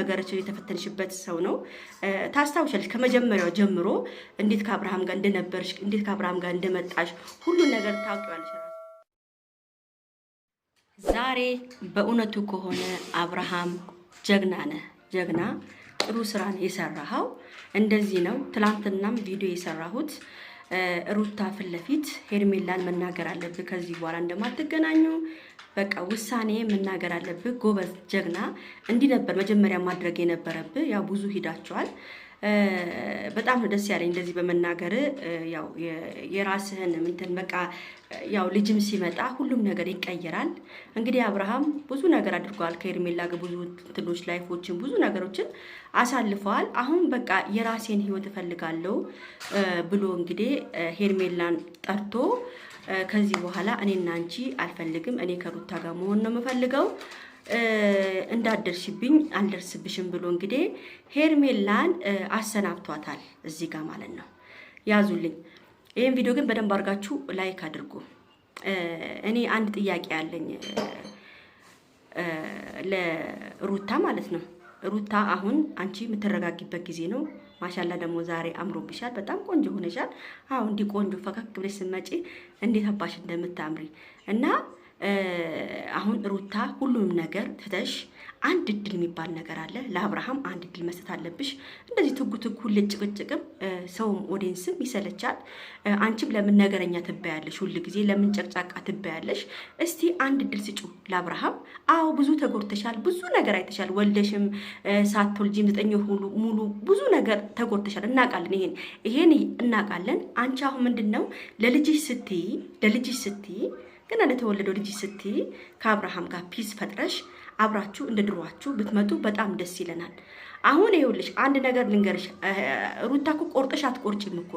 ነገሮች የተፈተንሽበት ሰው ነው። ታስታውሻለሽ ከመጀመሪያው ጀምሮ እንዴት ከአብርሃም ጋር እንደነበርሽ፣ እንዴት ከአብርሃም ጋር እንደመጣሽ ሁሉን ነገር ታውቂዋለሽ። ዛሬ በእውነቱ ከሆነ አብርሃም ጀግና ነህ፣ ጀግና ጥሩ ስራ ነው የሰራኸው። እንደዚህ ነው። ትላንትናም ቪዲዮ የሰራሁት ሩታ ፊት ለፊት ሄርሜላን መናገር አለብህ። ከዚህ በኋላ እንደማትገናኙ በቃ ውሳኔ መናገር አለብህ። ጎበዝ ጀግና፣ እንዲህ ነበር መጀመሪያ ማድረግ የነበረብህ። ያው ብዙ ሂዳቸዋል። በጣም ደስ ያለኝ እንደዚህ በመናገር ያው የራስህን እንትን በቃ ያው ልጅም ሲመጣ ሁሉም ነገር ይቀየራል። እንግዲህ አብርሃም ብዙ ነገር አድርገዋል ከኤርሜላ ጋር ብዙ ትሎች ላይፎችን ብዙ ነገሮችን አሳልፈዋል። አሁን በቃ የራሴን ህይወት እፈልጋለሁ ብሎ እንግዲህ ሄርሜላን ጠርቶ ከዚህ በኋላ እኔና አንቺ አልፈልግም፣ እኔ ከሩታ ጋር መሆን ነው የምፈልገው እንዳደርሽብኝ አልደርስብሽም ብሎ እንግዲህ ሄርሜላን አሰናብቷታል። እዚህ ጋር ማለት ነው ያዙልኝ። ይህን ቪዲዮ ግን በደንብ አድርጋችሁ ላይክ አድርጉ። እኔ አንድ ጥያቄ ያለኝ ለሩታ ማለት ነው ሩታ አሁን አንቺ የምትረጋጊበት ጊዜ ነው። ማሻላ ደግሞ ዛሬ አምሮብሻል፣ በጣም ቆንጆ ሆነሻል። አሁ እንዲህ ቆንጆ ፈካክ ብለሽ ስትመጪ እንዴት አባሽ እንደምታምሪ እና አሁን ሩታ ሁሉንም ነገር ትተሽ አንድ እድል የሚባል ነገር አለ። ለአብርሃም አንድ እድል መስጠት አለብሽ። እንደዚህ ትጉ ትጉ ሁሌ ጭቅጭቅም ሰውም ኦዲየንስም ይሰለቻል። አንቺም ለምን ነገረኛ ትባያለሽ? ሁል ጊዜ ለምን ጨቅጫቃ ትባያለሽ? እስቲ አንድ እድል ስጩ ለአብርሃም። አዎ ብዙ ተጎድተሻል፣ ብዙ ነገር አይተሻል። ወልደሽም ሳትወልጂም ዘጠኝ ሁሉ ሙሉ ብዙ ነገር ተጎድተሻል። እናውቃለን፣ ይሄን ይሄን እናውቃለን። አንቺ አሁን ምንድን ነው ለልጅሽ ስትይ ለልጅሽ ስትይ ገና ለተወለደው ልጅ ስትይ ከአብርሃም ጋር ፒስ ፈጥረሽ አብራችሁ እንደ ድሯችሁ ብትመጡ በጣም ደስ ይለናል። አሁን ይኸውልሽ አንድ ነገር ልንገርሽ፣ ሩታ እኮ ቆርጠሽ አትቆርጭም እኮ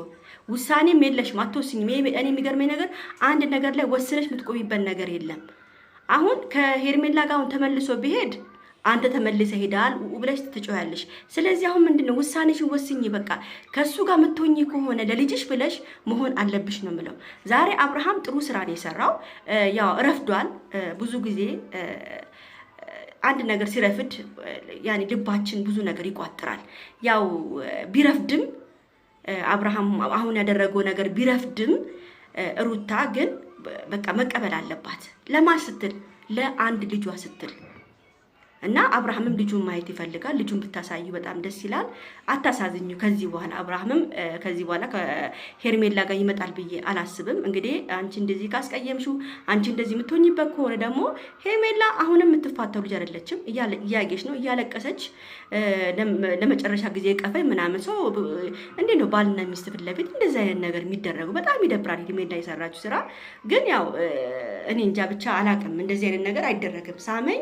ውሳኔም የለሽም አትወስኝም። እኔ የሚገርመኝ ነገር አንድ ነገር ላይ ወስነሽ የምትቆይበት ነገር የለም። አሁን ከሄርሜላ ጋር አሁን ተመልሶ ቢሄድ አንተ ተመልሰ ሄዳል ብለሽ ትጮያለሽ። ስለዚህ አሁን ምንድነው ውሳኔሽን ወስኝ። በቃ ከሱ ጋር ምትሆኝ ከሆነ ለልጅሽ ብለሽ መሆን አለብሽ ነው የምለው። ዛሬ አብርሃም ጥሩ ስራ ነው የሰራው። ያው ረፍዷል። ብዙ ጊዜ አንድ ነገር ሲረፍድ ያኔ ልባችን ብዙ ነገር ይቋጥራል። ያው ቢረፍድም አብርሃም አሁን ያደረገው ነገር ቢረፍድም ሩታ ግን በቃ መቀበል አለባት። ለማን ስትል? ለአንድ ልጇ ስትል እና አብርሃምም ልጁን ማየት ይፈልጋል። ልጁን ብታሳዩ በጣም ደስ ይላል። አታሳዝኙ። ከዚህ በኋላ አብርሃምም ከዚህ በኋላ ከሄርሜላ ጋር ይመጣል ብዬ አላስብም። እንግዲህ አንቺ እንደዚህ ካስቀየምሹ፣ አንቺ እንደዚህ የምትሆኝበት ከሆነ ደግሞ ሄርሜላ አሁንም የምትፋተው ልጅ አይደለችም። እያጌች ነው እያለቀሰች ለመጨረሻ ጊዜ ቀፈኝ ምናምን ሰው እንዴ ነው ባልና ሚስት ፊት ለፊት እንደዚህ አይነት ነገር የሚደረጉ በጣም ይደብራል። ሄርሜላ የሰራችው ስራ ግን ያው እኔ እንጃ ብቻ አላቅም። እንደዚህ አይነት ነገር አይደረግም። ሳመኝ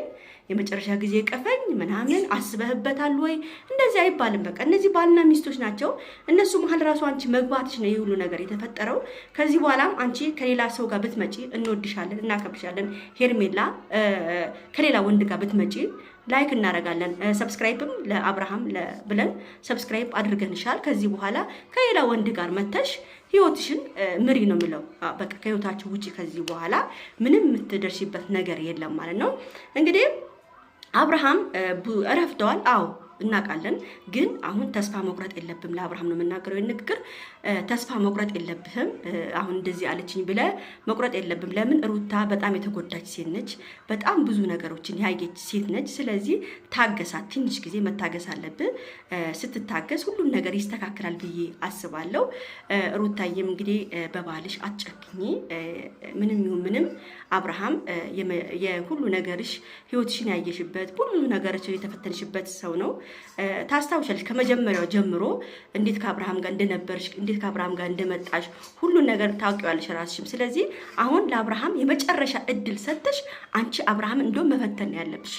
የመጨረሻ ጊዜ ቀፈኝ ምናምን አስበህበታል ወይ? እንደዚህ አይባልም። በቃ እነዚህ ባልና ሚስቶች ናቸው። እነሱ መሀል ራሱ አንቺ መግባትሽ ነው ይህ ሁሉ ነገር የተፈጠረው። ከዚህ በኋላም አንቺ ከሌላ ሰው ጋር ብትመጪ እንወድሻለን፣ እናከብድሻለን። ሄርሜላ ከሌላ ወንድ ጋር ብትመጪ ላይክ እናደርጋለን። ሰብስክራይብም ለአብርሃም ብለን ሰብስክራይብ አድርገንሻል። ከዚህ በኋላ ከሌላ ወንድ ጋር መተሽ ህይወትሽን ምሪ ነው የምለው። በቃ ከህይወታችሁ ውጪ ከዚህ በኋላ ምንም የምትደርሽበት ነገር የለም ማለት ነው እንግዲህ አብርሃም ረፍደዋል። አዎ እናውቃለን። ግን አሁን ተስፋ መቁረጥ የለብም። ለአብርሃም ነው የምናገረው ንግግር ተስፋ መቁረጥ የለብህም። አሁን እንደዚህ አለችኝ ብለ መቁረጥ የለብም። ለምን ሩታ በጣም የተጎዳች ሴት ነች። በጣም ብዙ ነገሮችን ያየች ሴት ነች። ስለዚህ ታገሳት፣ ትንሽ ጊዜ መታገስ አለብህ። ስትታገስ ሁሉም ነገር ይስተካከላል ብዬ አስባለሁ። ሩታዬም እንግዲህ በባልሽ አትጨክኝ፣ ምንም ይሁን ምንም አብርሃም የሁሉ ነገርሽ ህይወትሽን ያየሽበት ሁሉ ነገርሽ የተፈተንሽበት ሰው ነው። ታስታውሻለሽ ከመጀመሪያው ጀምሮ እንዴት ከአብርሃም ጋር እንደነበርሽ እንዴት ከአብርሃም ጋር እንደመጣሽ ሁሉን ነገር ታውቂዋለሽ ራስሽም። ስለዚህ አሁን ለአብርሃም የመጨረሻ እድል ሰጥተሽ አንቺ አብርሃም እንደውም መፈተን ያለብሽ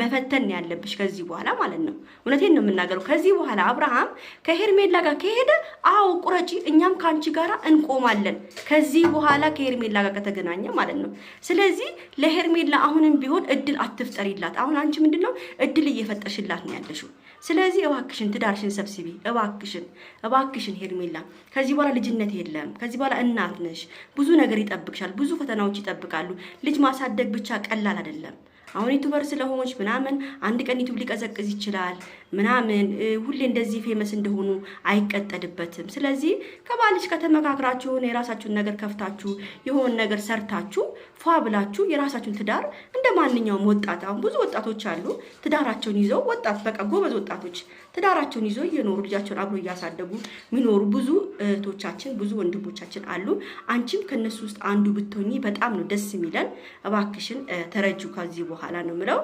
መፈተን ያለብሽ ከዚህ በኋላ ማለት ነው። እውነቴን ነው የምናገረው። ከዚህ በኋላ አብርሃም ከሄርሜላ ጋር ከሄደ አዎ ቁረጪ፣ እኛም ከአንቺ ጋር እንቆማለን። ከዚህ በኋላ ከሄርሜላ ጋር ከተገናኘ ማለት ነው። ስለዚህ ለሄርሜላ አሁንም ቢሆን እድል አትፍጠሪላት። አሁን አንቺ ምንድን ነው እድል እየፈጠርሽላት ነው ያለሽው። ስለዚህ እባክሽን ትዳርሽን ሰብስቢ። እባክሽን እባክሽን ሄርሜላ፣ ከዚህ በኋላ ልጅነት የለም። ከዚህ በኋላ እናት ነሽ። ብዙ ነገር ይጠብቅሻል። ብዙ ፈተናዎች ይጠብቃሉ። ልጅ ማሳደግ ብቻ ቀላል አይደለም። አሁን ዩቱበር ስለሆነች ምናምን አንድ ቀን ዩቱብ ሊቀዘቅዝ ይችላል ምናምን ሁሌ እንደዚህ ፌመስ እንደሆኑ አይቀጠልበትም። ስለዚህ ከባልሽ ከተመካክራችሁ የራሳችሁን ነገር ከፍታችሁ የሆን ነገር ሰርታችሁ ፏ ብላችሁ የራሳችሁን ትዳር እንደ ማንኛውም ወጣት አሁን ብዙ ወጣቶች አሉ ትዳራቸውን ይዘው ወጣት በቃ ጎበዝ ወጣቶች ትዳራቸውን ይዘው እየኖሩ ልጃቸውን አብሮ እያሳደጉ የሚኖሩ ብዙ እህቶቻችን ብዙ ወንድሞቻችን አሉ። አንቺም ከነሱ ውስጥ አንዱ ብትሆኚ በጣም ነው ደስ የሚለን። እባክሽን ተረጁ ከዚህ በኋላ ነው ምለው።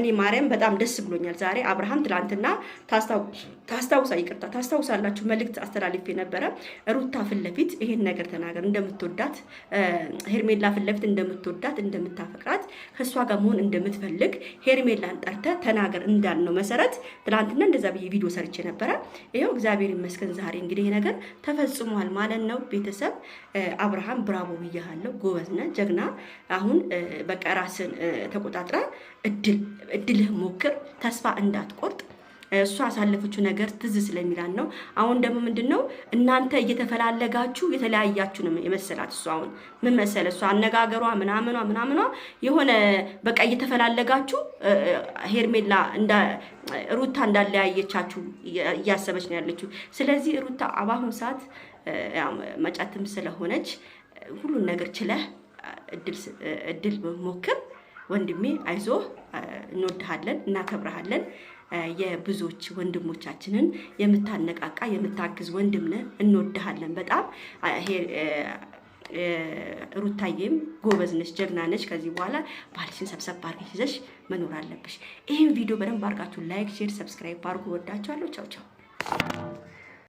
እኔ ማርያም በጣም ደስ ብሎኛል ዛሬ አብርሃም ትላንትና ታስታውሳ ይቅርታ ታስታውሳላችሁ መልእክት አስተላልፌ ነበረ። ሩታ ፊት ለፊት ይሄን ነገር ተናገር እንደምትወዳት ሄርሜላ ፊት ለፊት እንደምትወዳት እንደምታፈቅራት ከእሷ ጋር መሆን እንደምትፈልግ ሄርሜላን ጠርተ ተናገር እንዳልነው መሰረት ትላንትና እንደዛ ብዬ ቪዲዮ ሰርቼ ነበረ። ይኸው እግዚአብሔር ይመስገን ዛሬ እንግዲህ ይሄ ነገር ተፈጽሟል ማለት ነው። ቤተሰብ አብርሃም ብራቦ ብያሃለሁ። ጎበዝነ ጀግና። አሁን በቃ ራስን ተቆጣጥረ እድልህ ሞክር፣ ተስፋ እንዳትቆርጥ። እሱ አሳለፈችው ነገር ትዝ ስለሚላን ነው። አሁን ደግሞ ምንድን ነው እናንተ እየተፈላለጋችሁ የተለያያችሁ ነው የመሰላት። እሱ አሁን ምን መሰለ እሱ አነጋገሯ ምናምኗ ምናምኗ የሆነ በቃ እየተፈላለጋችሁ ሄርሜላ ሩታ እንዳለያየቻችሁ እያሰበች ነው ያለችው። ስለዚህ ሩታ አባሁን ሰዓት መጫትም ስለሆነች ሁሉን ነገር ችለህ እድል ሞክር። ወንድሜ አይዞህ፣ እንወድሃለን፣ እናከብረሃለን የብዙዎች ወንድሞቻችንን የምታነቃቃ የምታግዝ ወንድም ነህ፣ እንወድሃለን በጣም ሩታዬም ጎበዝ ነች፣ ጀግና ነች። ከዚህ በኋላ ባልሽን ሰብሰብ አድርገሽ ይዘሽ መኖር አለብሽ። ይህን ቪዲዮ በደንብ አድርጋችሁ ላይክ፣ ሼር፣ ሰብስክራይብ አድርጉ። ወዳችኋለሁ። ቻው ቻው